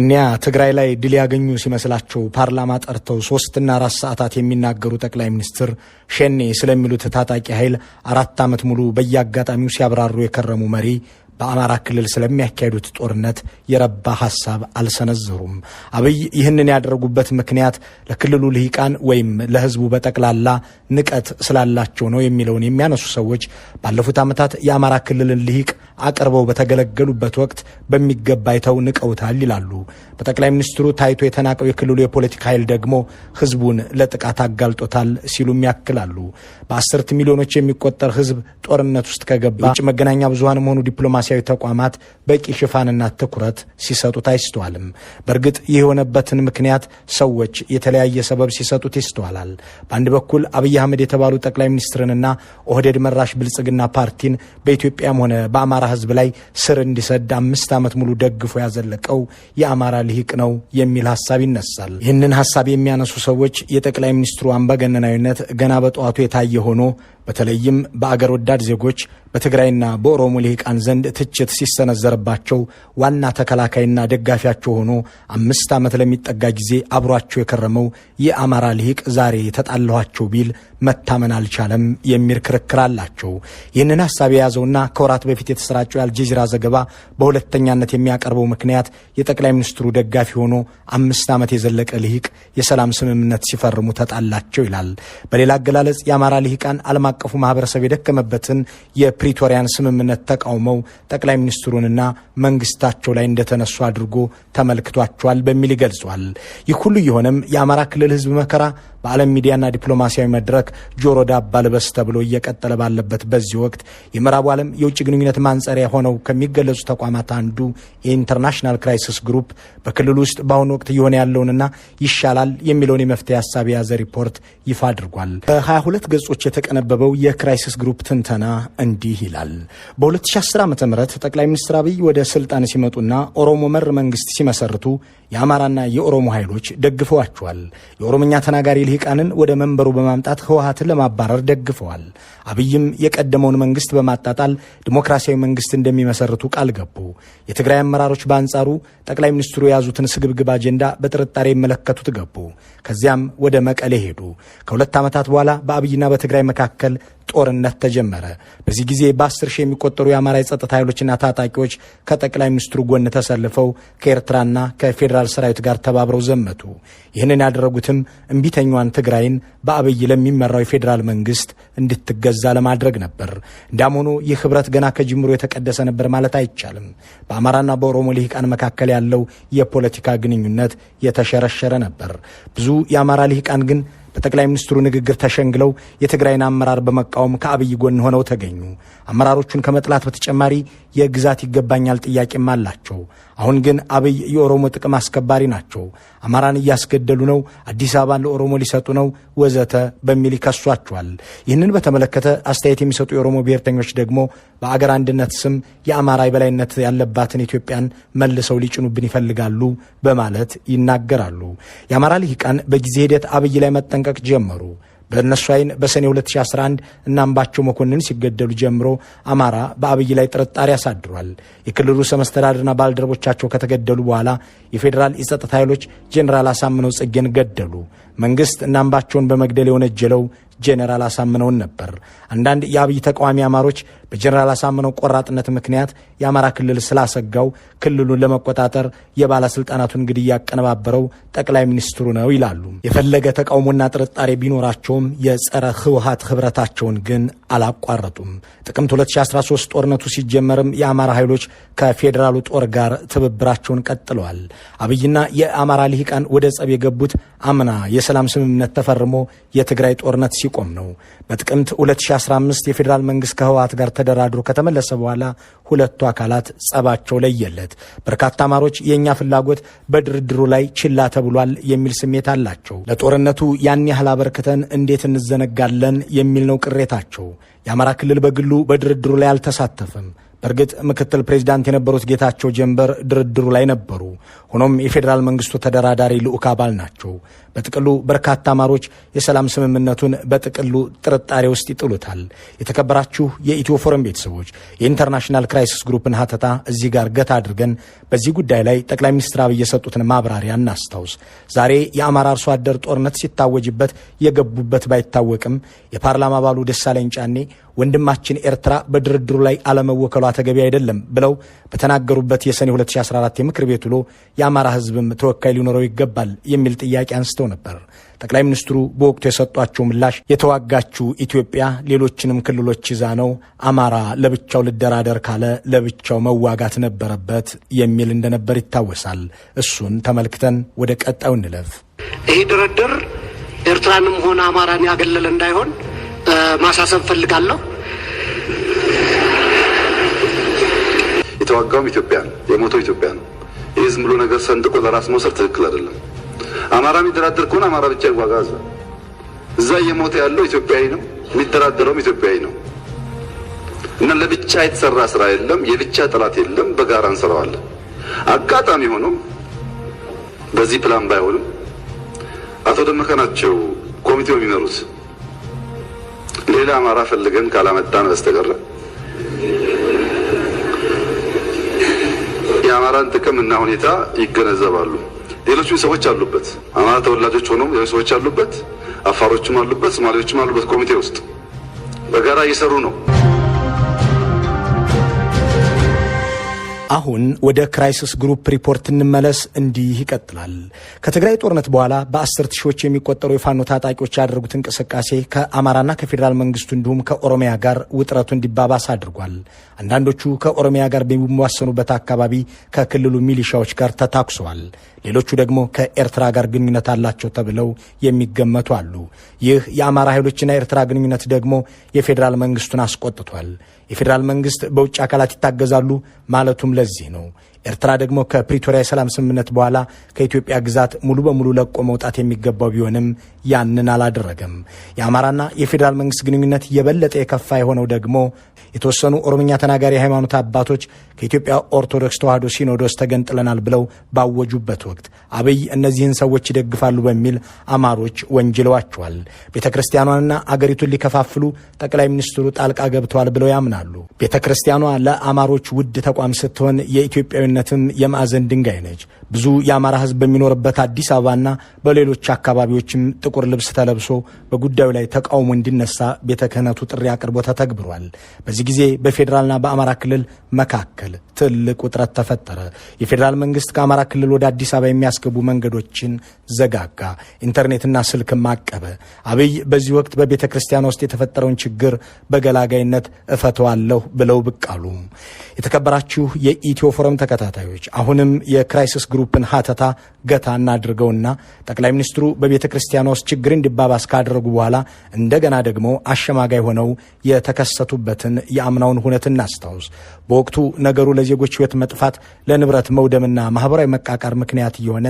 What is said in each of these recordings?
እኒያ ትግራይ ላይ ድል ያገኙ ሲመስላቸው ፓርላማ ጠርተው ሶስትና አራት ሰዓታት የሚናገሩ ጠቅላይ ሚኒስትር ሸኔ ስለሚሉት ታጣቂ ኃይል አራት ዓመት ሙሉ በየአጋጣሚው ሲያብራሩ የከረሙ መሪ በአማራ ክልል ስለሚያካሂዱት ጦርነት የረባ ሐሳብ አልሰነዘሩም። አብይ ይህንን ያደረጉበት ምክንያት ለክልሉ ልሂቃን ወይም ለሕዝቡ በጠቅላላ ንቀት ስላላቸው ነው የሚለውን የሚያነሱ ሰዎች ባለፉት ዓመታት የአማራ ክልልን ልሂቅ አቅርበው በተገለገሉበት ወቅት በሚገባ አይተው ንቀውታል ይላሉ። በጠቅላይ ሚኒስትሩ ታይቶ የተናቀው የክልሉ የፖለቲካ ኃይል ደግሞ ህዝቡን ለጥቃት አጋልጦታል ሲሉም ያክላሉ። በአስርት ሚሊዮኖች የሚቆጠር ህዝብ ጦርነት ውስጥ ከገባ የውጭ መገናኛ ብዙሀንም ሆኑ ዲፕሎማሲያዊ ተቋማት በቂ ሽፋንና ትኩረት ሲሰጡት አይስተዋልም። በእርግጥ ይህ የሆነበትን ምክንያት ሰዎች የተለያየ ሰበብ ሲሰጡት ይስተዋላል። በአንድ በኩል አብይ አህመድ የተባሉ ጠቅላይ ሚኒስትርንና ኦህዴድ መራሽ ብልጽግና ፓርቲን በኢትዮጵያም ሆነ በአማራ በአማራ ህዝብ ላይ ስር እንዲሰድ አምስት ዓመት ሙሉ ደግፎ ያዘለቀው የአማራ ልሂቅ ነው የሚል ሀሳብ ይነሳል። ይህንን ሀሳብ የሚያነሱ ሰዎች የጠቅላይ ሚኒስትሩ አምባገነናዊነት ገና በጠዋቱ የታየ ሆኖ በተለይም በአገር ወዳድ ዜጎች በትግራይና በኦሮሞ ልሂቃን ዘንድ ትችት ሲሰነዘርባቸው ዋና ተከላካይና ደጋፊያቸው ሆኖ አምስት ዓመት ለሚጠጋ ጊዜ አብሯቸው የከረመው የአማራ ልሂቅ ዛሬ ተጣለኋቸው ቢል መታመን አልቻለም የሚል ክርክር አላቸው። ይህንን ሀሳብ የያዘውና ከወራት በፊት የተሰራጨው የአልጀዚራ ዘገባ በሁለተኛነት የሚያቀርበው ምክንያት የጠቅላይ ሚኒስትሩ ደጋፊ ሆኖ አምስት ዓመት የዘለቀ ልሂቅ የሰላም ስምምነት ሲፈርሙ ተጣላቸው ይላል። በሌላ አገላለጽ የአማራ ልሂቃን ዓለም አቀፉ ማህበረሰብ የደከመበትን የፕሪቶሪያን ስምምነት ተቃውመው ጠቅላይ ሚኒስትሩንና መንግስታቸው ላይ እንደተነሱ አድርጎ ተመልክቷቸዋል በሚል ይገልጿል። ይህ ሁሉ የሆነም የአማራ ክልል ህዝብ መከራ በዓለም ሚዲያና ዲፕሎማሲያዊ መድረክ ጆሮ ዳባ ልበስ ተብሎ እየቀጠለ ባለበት በዚህ ወቅት የምዕራቡ ዓለም የውጭ ግንኙነት ማንጸሪያ ሆነው ከሚገለጹ ተቋማት አንዱ የኢንተርናሽናል ክራይሲስ ግሩፕ በክልሉ ውስጥ በአሁኑ ወቅት እየሆነ ያለውንና ይሻላል የሚለውን የመፍትሄ ሀሳብ የያዘ ሪፖርት ይፋ አድርጓል። በ22 ገጾች የተቀነበበው የክራይሲስ ግሩፕ ትንተና እንዲህ እንዲህ ይላል። በ2010 ዓ ም ጠቅላይ ሚኒስትር አብይ ወደ ስልጣን ሲመጡና ኦሮሞ መር መንግስት ሲመሰርቱ የአማራና የኦሮሞ ኃይሎች ደግፈዋቸዋል። የኦሮምኛ ተናጋሪ ልሂቃንን ወደ መንበሩ በማምጣት ህወሀትን ለማባረር ደግፈዋል። አብይም የቀደመውን መንግስት በማጣጣል ዲሞክራሲያዊ መንግስት እንደሚመሰርቱ ቃል ገቡ። የትግራይ አመራሮች በአንጻሩ ጠቅላይ ሚኒስትሩ የያዙትን ስግብግብ አጀንዳ በጥርጣሬ ይመለከቱት ገቡ። ከዚያም ወደ መቀሌ ሄዱ። ከሁለት ዓመታት በኋላ በአብይና በትግራይ መካከል ጦርነት ተጀመረ። በዚህ ጊዜ በአስር ሺህ የሚቆጠሩ የአማራ የጸጥታ ኃይሎችና ታጣቂዎች ከጠቅላይ ሚኒስትሩ ጎን ተሰልፈው ከኤርትራና ከፌዴራል ሰራዊት ጋር ተባብረው ዘመቱ። ይህንን ያደረጉትም እምቢተኛዋን ትግራይን በአብይ ለሚመራው የፌዴራል መንግስት እንድትገዛ ለማድረግ ነበር። እንዳም ሆኖ ይህ ህብረት ገና ከጅምሮ የተቀደሰ ነበር ማለት አይቻልም። በአማራና በኦሮሞ ልሂቃን መካከል ያለው የፖለቲካ ግንኙነት የተሸረሸረ ነበር። ብዙ የአማራ ልሂቃን ግን በጠቅላይ ሚኒስትሩ ንግግር ተሸንግለው የትግራይን አመራር በመቃወም ከአብይ ጎን ሆነው ተገኙ። አመራሮቹን ከመጥላት በተጨማሪ የግዛት ይገባኛል ጥያቄም አላቸው። አሁን ግን አብይ የኦሮሞ ጥቅም አስከባሪ ናቸው፣ አማራን እያስገደሉ ነው፣ አዲስ አበባን ለኦሮሞ ሊሰጡ ነው፣ ወዘተ በሚል ይከሷቸዋል። ይህንን በተመለከተ አስተያየት የሚሰጡ የኦሮሞ ብሔርተኞች ደግሞ በአገር አንድነት ስም የአማራ የበላይነት ያለባትን ኢትዮጵያን መልሰው ሊጭኑብን ይፈልጋሉ በማለት ይናገራሉ። የአማራ ልሂቃን በጊዜ ሂደት አብይ ላይ መጠንቀቅ ጀመሩ። በእነሱ አይን በሰኔ 2011 እና መኮንን ሲገደሉ ጀምሮ አማራ በአብይ ላይ ጥርጣሬ አሳድሯል። የክልሉ ርዕሰ መስተዳድርና ባልደረቦቻቸው ከተገደሉ በኋላ የፌዴራል የጸጥታ ኃይሎች ጄኔራል አሳምነው ጽጌን ገደሉ። መንግስት እና አምባቸውን በመግደል የወነጀለው ጄኔራል አሳምነውን ነበር። አንዳንድ የአብይ ተቃዋሚ አማሮች በጀነራል አሳምነው ቆራጥነት ምክንያት የአማራ ክልል ስላሰጋው ክልሉን ለመቆጣጠር የባለስልጣናቱን ግድ ያቀነባበረው ጠቅላይ ሚኒስትሩ ነው ይላሉ። የፈለገ ተቃውሞና ጥርጣሬ ቢኖራቸውም የጸረ ህወሀት ህብረታቸውን ግን አላቋረጡም። ጥቅምት 2013 ጦርነቱ ሲጀመርም የአማራ ኃይሎች ከፌዴራሉ ጦር ጋር ትብብራቸውን ቀጥለዋል። አብይና የአማራ ልሂቃን ወደ ጸብ የገቡት አምና የሰላም ስምምነት ተፈርሞ የትግራይ ጦርነት ሲቆም ነው። በጥቅምት 2015 የፌዴራል መንግስት ከህወሀት ጋር ተደራድሮ ከተመለሰ በኋላ ሁለቱ አካላት ጸባቸው ለየለት። በርካታ አማሮች የእኛ ፍላጎት በድርድሩ ላይ ችላ ተብሏል የሚል ስሜት አላቸው። ለጦርነቱ ያን ያህል አበርክተን እንዴት እንዘነጋለን የሚል ነው ቅሬታቸው። የአማራ ክልል በግሉ በድርድሩ ላይ አልተሳተፈም። በእርግጥ ምክትል ፕሬዚዳንት የነበሩት ጌታቸው ጀንበር ድርድሩ ላይ ነበሩ። ሆኖም የፌዴራል መንግስቱ ተደራዳሪ ልዑክ አባል ናቸው። በጥቅሉ በርካታ ማሮች የሰላም ስምምነቱን በጥቅሉ ጥርጣሬ ውስጥ ይጥሉታል። የተከበራችሁ የኢትዮ ፎረም ቤተሰቦች የኢንተርናሽናል ክራይሲስ ግሩፕን ሀተታ እዚህ ጋር ገታ አድርገን በዚህ ጉዳይ ላይ ጠቅላይ ሚኒስትር አብይ የሰጡትን ማብራሪያ እናስታውስ። ዛሬ የአማራ አርሶ አደር ጦርነት ሲታወጅበት የገቡበት ባይታወቅም የፓርላማ አባሉ ደሳለኝ ጫኔ ወንድማችን ኤርትራ በድርድሩ ላይ አለመወከሏ ተገቢ አይደለም ብለው በተናገሩበት የሰኔ 2014 የምክር ቤት ውሎ የአማራ ሕዝብም ተወካይ ሊኖረው ይገባል የሚል ጥያቄ አንስተው ተነስተው ነበር። ጠቅላይ ሚኒስትሩ በወቅቱ የሰጧቸው ምላሽ የተዋጋችው ኢትዮጵያ ሌሎችንም ክልሎች ይዛ ነው፣ አማራ ለብቻው ልደራደር ካለ ለብቻው መዋጋት ነበረበት የሚል እንደነበር ይታወሳል። እሱን ተመልክተን ወደ ቀጣዩ እንለፍ። ይህ ድርድር ኤርትራንም ሆነ አማራን ያገለለ እንዳይሆን ማሳሰብ ፈልጋለሁ። የተዋጋውም ኢትዮጵያ ነው፣ የሞተው ኢትዮጵያ ነው። ይህ ዝም ብሎ ነገር ሰንጥቆ ለራስ መውሰድ ትክክል አይደለም። አማራ የሚደራደር ከሆነ አማራ ብቻ ይዋጋዛ። እዛ እየሞተ ያለው ኢትዮጵያዊ ነው፣ የሚደራደረውም ኢትዮጵያዊ ነው። እና ለብቻ የተሰራ ስራ የለም፣ የብቻ ጠላት የለም። በጋራ እንሰራዋለን። አጋጣሚ ሆኖ በዚህ ፕላን ባይሆንም አቶ ደመቀ ናቸው ኮሚቴው የሚመሩት። ሌላ አማራ ፈልገን ካላመጣን በስተቀር የአማራን ጥቅም እና ሁኔታ ይገነዘባሉ። ሌሎች ሰዎች አሉበት። አማራ ተወላጆች ሆኖም ሌሎች ሰዎች አሉበት፣ አፋሮችም አሉበት፣ ሶማሌዎችም አሉበት። ኮሚቴ ውስጥ በጋራ እየሰሩ ነው። አሁን ወደ ክራይሲስ ግሩፕ ሪፖርት እንመለስ። እንዲህ ይቀጥላል። ከትግራይ ጦርነት በኋላ በአስርት ሺዎች የሚቆጠሩ የፋኖ ታጣቂዎች ያደረጉት እንቅስቃሴ ከአማራና ከፌዴራል መንግስቱ እንዲሁም ከኦሮሚያ ጋር ውጥረቱ እንዲባባስ አድርጓል። አንዳንዶቹ ከኦሮሚያ ጋር በሚዋሰኑበት አካባቢ ከክልሉ ሚሊሻዎች ጋር ተታኩሰዋል። ሌሎቹ ደግሞ ከኤርትራ ጋር ግንኙነት አላቸው ተብለው የሚገመቱ አሉ። ይህ የአማራ ኃይሎችና የኤርትራ ግንኙነት ደግሞ የፌዴራል መንግስቱን አስቆጥቷል። የፌዴራል መንግስት በውጭ አካላት ይታገዛሉ ማለቱም ለዚህ ነው። ኤርትራ ደግሞ ከፕሪቶሪያ የሰላም ስምምነት በኋላ ከኢትዮጵያ ግዛት ሙሉ በሙሉ ለቆ መውጣት የሚገባው ቢሆንም ያንን አላደረገም። የአማራና የፌዴራል መንግስት ግንኙነት የበለጠ የከፋ የሆነው ደግሞ የተወሰኑ ኦሮምኛ ተናጋሪ የሃይማኖት አባቶች ከኢትዮጵያ ኦርቶዶክስ ተዋሕዶ ሲኖዶስ ተገንጥለናል ብለው ባወጁበት ወቅት አብይ እነዚህን ሰዎች ይደግፋሉ በሚል አማሮች ወንጅለዋቸዋል። ቤተ ክርስቲያኗንና አገሪቱን ሊከፋፍሉ ጠቅላይ ሚኒስትሩ ጣልቃ ገብተዋል ብለው ያምናሉ። ቤተ ክርስቲያኗ ለአማሮች ውድ ተቋም ስትሆን የኢትዮጵያዊነትም የማዕዘን ድንጋይ ነች። ብዙ የአማራ ህዝብ በሚኖርበት አዲስ አበባና በሌሎች አካባቢዎችም ጥቁር ልብስ ተለብሶ በጉዳዩ ላይ ተቃውሞ እንዲነሳ ቤተ ክህነቱ ጥሪ አቅርቦ ተተግብሯል። በዚህ ጊዜ በፌዴራልና በአማራ ክልል መካከል ትልቅ ውጥረት ተፈጠረ። የፌዴራል መንግስት ከአማራ ክልል ወደ አዲስ አበባ የሚያስገቡ መንገዶችን ዘጋጋ፣ ኢንተርኔትና ስልክም አቀበ። አብይ በዚህ ወቅት በቤተ ክርስቲያን ውስጥ የተፈጠረውን ችግር በገላጋይነት እፈተዋለሁ ብለው ብቅ አሉ። የተከበራችሁ የኢትዮ ፎረም ተከታታዮች አሁንም የክራይሲስ ግሩ የግሩፕን ሀተታ ገታ እናድርገውና ጠቅላይ ሚኒስትሩ በቤተ ክርስቲያኗ ውስጥ ችግር እንዲባባስ ካደረጉ በኋላ እንደገና ደግሞ አሸማጋይ ሆነው የተከሰቱበትን የአምናውን ሁነት እናስታውስ። በወቅቱ ነገሩ ለዜጎች ሕይወት መጥፋት፣ ለንብረት መውደምና ማህበራዊ መቃቃር ምክንያት እየሆነ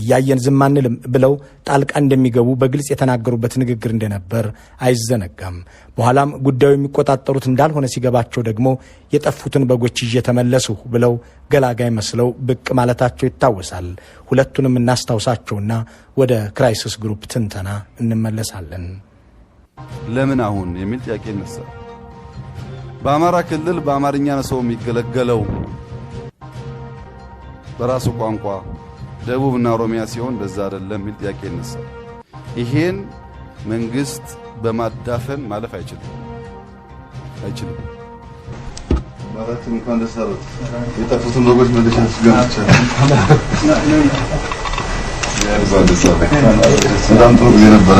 እያየን ዝም አንልም ብለው ጣልቃ እንደሚገቡ በግልጽ የተናገሩበት ንግግር እንደነበር አይዘነጋም። በኋላም ጉዳዩ የሚቆጣጠሩት እንዳልሆነ ሲገባቸው ደግሞ የጠፉትን በጎች ይዤ ተመለስሁ ብለው ገላጋይ መስለው ብቅ ማለታቸው ይታወሳል። ሁለቱንም እናስታውሳቸውና ወደ ክራይሲስ ግሩፕ ትንተና እንመለሳለን። ለምን አሁን የሚል ጥያቄ ይነሳል። በአማራ ክልል በአማርኛ ነው ሰው የሚገለገለው በራሱ ቋንቋ ደቡብና ኦሮሚያ ሲሆን በዛ አይደለም የሚል ጥያቄ ይነሳል። ይሄን መንግስት በማዳፈን ማለፍ አይችልም አይችልም። በአራት እንኳን ደስ አሉት። የጠፉትን በጎች መለሻ በጣም ጥሩ ጊዜ ነበረ።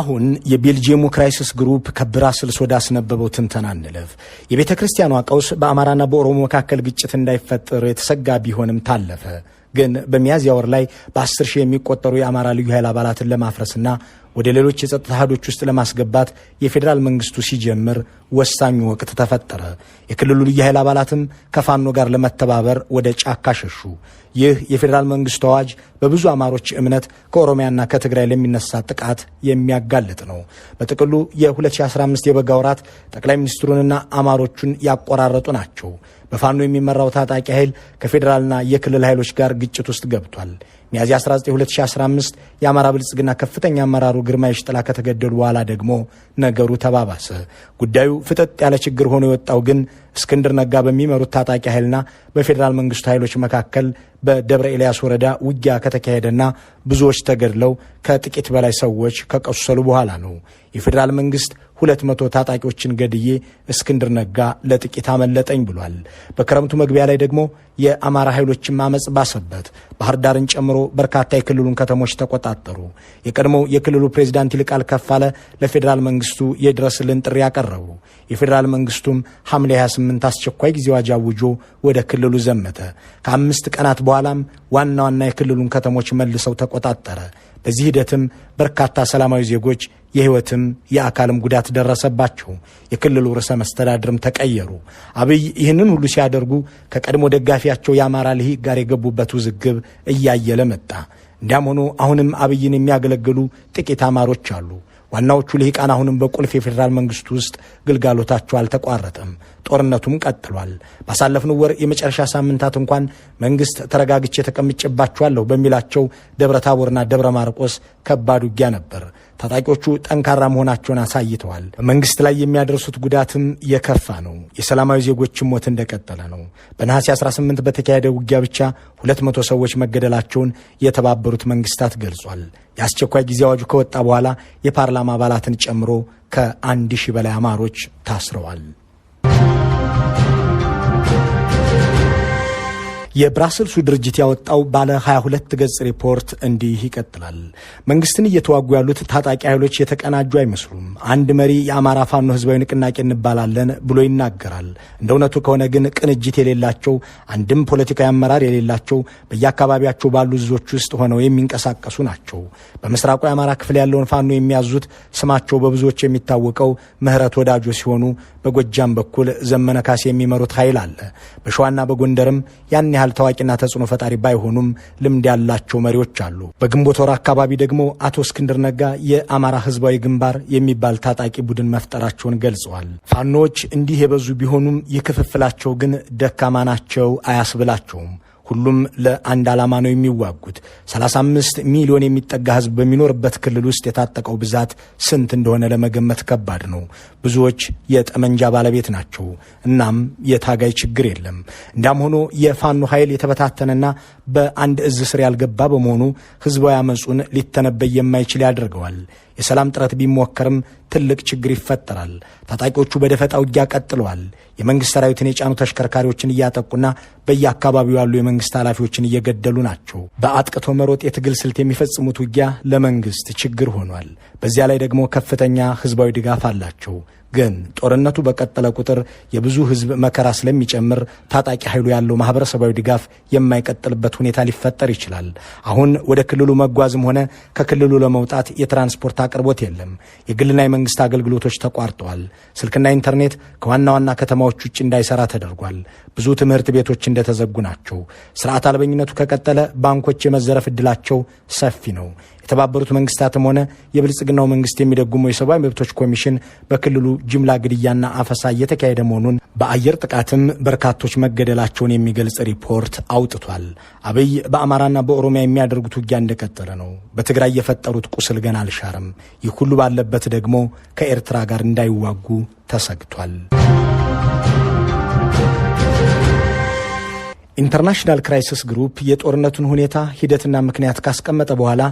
አሁን የቤልጅየሙ ክራይሲስ ግሩፕ ከብራስልስ ወደ አስነበበው ትንተና እንለፍ። የቤተ ክርስቲያኗ ቀውስ በአማራና በኦሮሞ መካከል ግጭት እንዳይፈጠር የተሰጋ ቢሆንም ታለፈ። ግን በሚያዝያ ወር ላይ በአስር ሺህ የሚቆጠሩ የአማራ ልዩ ኃይል አባላትን ለማፍረስና ወደ ሌሎች የጸጥታ አሃዶች ውስጥ ለማስገባት የፌዴራል መንግስቱ ሲጀምር ወሳኙ ወቅት ተፈጠረ። የክልሉ ልዩ ኃይል አባላትም ከፋኖ ጋር ለመተባበር ወደ ጫካ ሸሹ። ይህ የፌዴራል መንግስቱ አዋጅ በብዙ አማሮች እምነት ከኦሮሚያና ከትግራይ ለሚነሳ ጥቃት የሚያጋልጥ ነው። በጥቅሉ የ2015 የበጋ ወራት ጠቅላይ ሚኒስትሩንና አማሮቹን ያቆራረጡ ናቸው። በፋኖ የሚመራው ታጣቂ ኃይል ከፌዴራልና የክልል ኃይሎች ጋር ግጭት ውስጥ ገብቷል። ሚያዝያ 19 2015 የአማራ ብልጽግና ከፍተኛ አመራሩ ግርማ ይሽጥላ ከተገደሉ በኋላ ደግሞ ነገሩ ተባባሰ። ጉዳዩ ፍጠጥ ያለ ችግር ሆኖ የወጣው ግን እስክንድር ነጋ በሚመሩት ታጣቂ ኃይልና በፌዴራል መንግስቱ ኃይሎች መካከል በደብረ ኤልያስ ወረዳ ውጊያ ከተካሄደና ብዙዎች ተገድለው ከጥቂት በላይ ሰዎች ከቆሰሉ በኋላ ነው። የፌዴራል መንግስት ሁለት መቶ ታጣቂዎችን ገድዬ እስክንድር ነጋ ለጥቂት አመለጠኝ ብሏል። በክረምቱ መግቢያ ላይ ደግሞ የአማራ ኃይሎችን ማመፅ ባሰበት ባህር ዳርን ጨምሮ በርካታ የክልሉን ከተሞች ተቆጣጠሩ። የቀድሞው የክልሉ ፕሬዚዳንት ይልቃል ከፋለ ለፌዴራል መንግስቱ የድረስልን ጥሪ አቀረቡ። የፌዴራል መንግስቱም ሐምሌ 28 18 አስቸኳይ ጊዜ አዋጅ አውጆ ወደ ክልሉ ዘመተ። ከአምስት ቀናት በኋላም ዋና ዋና የክልሉን ከተሞች መልሰው ተቆጣጠረ። በዚህ ሂደትም በርካታ ሰላማዊ ዜጎች የሕይወትም የአካልም ጉዳት ደረሰባቸው። የክልሉ ርዕሰ መስተዳድርም ተቀየሩ። አብይ ይህንን ሁሉ ሲያደርጉ ከቀድሞ ደጋፊያቸው የአማራ ልሂቅ ጋር የገቡበት ውዝግብ እያየለ መጣ። እንዲያም ሆኖ አሁንም አብይን የሚያገለግሉ ጥቂት አማሮች አሉ። ዋናዎቹ ልሂቃን አሁንም በቁልፍ የፌዴራል መንግስት ውስጥ ግልጋሎታቸው አልተቋረጠም። ጦርነቱም ቀጥሏል። ባሳለፍነው ወር የመጨረሻ ሳምንታት እንኳን መንግስት ተረጋግቼ ተቀምጬባቸዋለሁ በሚላቸው ደብረ ታቦርና ደብረ ማርቆስ ከባድ ውጊያ ነበር። ታጣቂዎቹ ጠንካራ መሆናቸውን አሳይተዋል። በመንግስት ላይ የሚያደርሱት ጉዳትም የከፋ ነው። የሰላማዊ ዜጎችን ሞት እንደቀጠለ ነው። በነሐሴ 18 በተካሄደ ውጊያ ብቻ 200 ሰዎች መገደላቸውን የተባበሩት መንግስታት ገልጿል። የአስቸኳይ ጊዜ አዋጁ ከወጣ በኋላ የፓርላማ አባላትን ጨምሮ ከአንድ ሺህ በላይ አማሮች ታስረዋል። የብራስልሱ ድርጅት ያወጣው ባለ 22 ገጽ ሪፖርት እንዲህ ይቀጥላል። መንግስትን እየተዋጉ ያሉት ታጣቂ ኃይሎች የተቀናጁ አይመስሉም። አንድ መሪ የአማራ ፋኖ ህዝባዊ ንቅናቄ እንባላለን ብሎ ይናገራል። እንደ እውነቱ ከሆነ ግን ቅንጅት የሌላቸው አንድም ፖለቲካዊ አመራር የሌላቸው በየአካባቢያቸው ባሉ እዞች ውስጥ ሆነው የሚንቀሳቀሱ ናቸው። በምስራቁ የአማራ ክፍል ያለውን ፋኖ የሚያዙት ስማቸው በብዙዎች የሚታወቀው ምህረት ወዳጆ ሲሆኑ በጎጃም በኩል ዘመነ ካሴ የሚመሩት ኃይል አለ። በሸዋና በጎንደርም ያን ያህል ታዋቂና ተጽዕኖ ፈጣሪ ባይሆኑም ልምድ ያላቸው መሪዎች አሉ። በግንቦት ወር አካባቢ ደግሞ አቶ እስክንድር ነጋ የአማራ ህዝባዊ ግንባር የሚባል ታጣቂ ቡድን መፍጠራቸውን ገልጸዋል። ፋኖዎች እንዲህ የበዙ ቢሆኑም የክፍፍላቸው ግን ደካማ ናቸው አያስብላቸውም። ሁሉም ለአንድ ዓላማ ነው የሚዋጉት። 35 ሚሊዮን የሚጠጋ ሕዝብ በሚኖርበት ክልል ውስጥ የታጠቀው ብዛት ስንት እንደሆነ ለመገመት ከባድ ነው። ብዙዎች የጠመንጃ ባለቤት ናቸው። እናም የታጋይ ችግር የለም። እንዳም ሆኖ የፋኖ ኃይል የተበታተነና በአንድ እዝ ስር ያልገባ በመሆኑ ህዝባዊ አመፁን ሊተነበይ የማይችል ያደርገዋል። የሰላም ጥረት ቢሞከርም ትልቅ ችግር ይፈጠራል። ታጣቂዎቹ በደፈጣ ውጊያ ቀጥለዋል። የመንግሥት ሰራዊትን የጫኑ ተሽከርካሪዎችን እያጠቁና በየአካባቢው ያሉ የመንግሥት ኃላፊዎችን እየገደሉ ናቸው። በአጥቅቶ መሮጥ የትግል ስልት የሚፈጽሙት ውጊያ ለመንግሥት ችግር ሆኗል። በዚያ ላይ ደግሞ ከፍተኛ ህዝባዊ ድጋፍ አላቸው። ግን ጦርነቱ በቀጠለ ቁጥር የብዙ ህዝብ መከራ ስለሚጨምር ታጣቂ ኃይሉ ያለው ማህበረሰባዊ ድጋፍ የማይቀጥልበት ሁኔታ ሊፈጠር ይችላል። አሁን ወደ ክልሉ መጓዝም ሆነ ከክልሉ ለመውጣት የትራንስፖርት አቅርቦት የለም። የግልና የመንግስት አገልግሎቶች ተቋርጠዋል። ስልክና ኢንተርኔት ከዋና ዋና ከተማዎች ውጭ እንዳይሰራ ተደርጓል። ብዙ ትምህርት ቤቶች እንደተዘጉ ናቸው። ስርዓት አልበኝነቱ ከቀጠለ ባንኮች የመዘረፍ እድላቸው ሰፊ ነው። የተባበሩት መንግስታትም ሆነ የብልጽግናው መንግስት የሚደጉመው የሰብአዊ መብቶች ኮሚሽን በክልሉ ጅምላ ግድያና አፈሳ እየተካሄደ መሆኑን በአየር ጥቃትም በርካቶች መገደላቸውን የሚገልጽ ሪፖርት አውጥቷል። አብይ በአማራና በኦሮሚያ የሚያደርጉት ውጊያ እንደቀጠለ ነው። በትግራይ የፈጠሩት ቁስል ገና አልሻርም ይህ ሁሉ ባለበት ደግሞ ከኤርትራ ጋር እንዳይዋጉ ተሰግቷል። ኢንተርናሽናል ክራይሲስ ግሩፕ የጦርነቱን ሁኔታ ሂደትና ምክንያት ካስቀመጠ በኋላ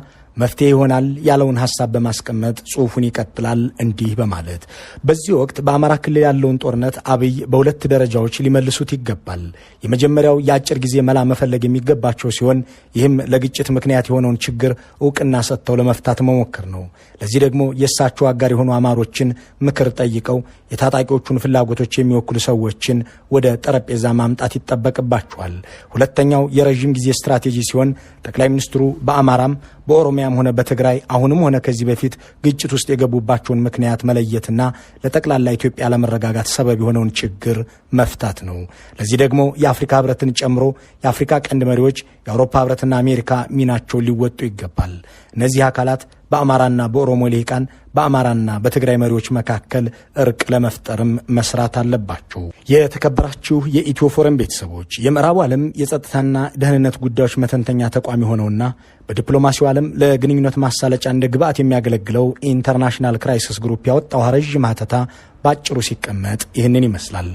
መፍትሄ ይሆናል ያለውን ሀሳብ በማስቀመጥ ጽሑፉን ይቀጥላል እንዲህ በማለት በዚህ ወቅት በአማራ ክልል ያለውን ጦርነት አብይ በሁለት ደረጃዎች ሊመልሱት ይገባል። የመጀመሪያው የአጭር ጊዜ መላ መፈለግ የሚገባቸው ሲሆን ይህም ለግጭት ምክንያት የሆነውን ችግር እውቅና ሰጥተው ለመፍታት መሞከር ነው። ለዚህ ደግሞ የእሳቸው አጋር የሆኑ አማሮችን ምክር ጠይቀው የታጣቂዎቹን ፍላጎቶች የሚወክሉ ሰዎችን ወደ ጠረጴዛ ማምጣት ይጠበቅባቸዋል። ሁለተኛው የረዥም ጊዜ ስትራቴጂ ሲሆን ጠቅላይ ሚኒስትሩ በአማራም በኦሮሚያ በኦሮሚያም ሆነ በትግራይ አሁንም ሆነ ከዚህ በፊት ግጭት ውስጥ የገቡባቸውን ምክንያት መለየትና ለጠቅላላ ኢትዮጵያ ለመረጋጋት ሰበብ የሆነውን ችግር መፍታት ነው። ለዚህ ደግሞ የአፍሪካ ህብረትን ጨምሮ የአፍሪካ ቀንድ መሪዎች፣ የአውሮፓ ህብረትና አሜሪካ ሚናቸውን ሊወጡ ይገባል። እነዚህ አካላት በአማራና በኦሮሞ ልሂቃን በአማራና በትግራይ መሪዎች መካከል እርቅ ለመፍጠርም መስራት አለባችሁ። የተከበራችሁ የኢትዮ ፎረም ቤተሰቦች የምዕራቡ ዓለም የጸጥታና ደህንነት ጉዳዮች መተንተኛ ተቋም የሆነውና በዲፕሎማሲው ዓለም ለግንኙነት ማሳለጫ እንደ ግብዓት የሚያገለግለው ኢንተርናሽናል ክራይሲስ ግሩፕ ያወጣው ረዥም ሐተታ በአጭሩ ሲቀመጥ ይህንን ይመስላል።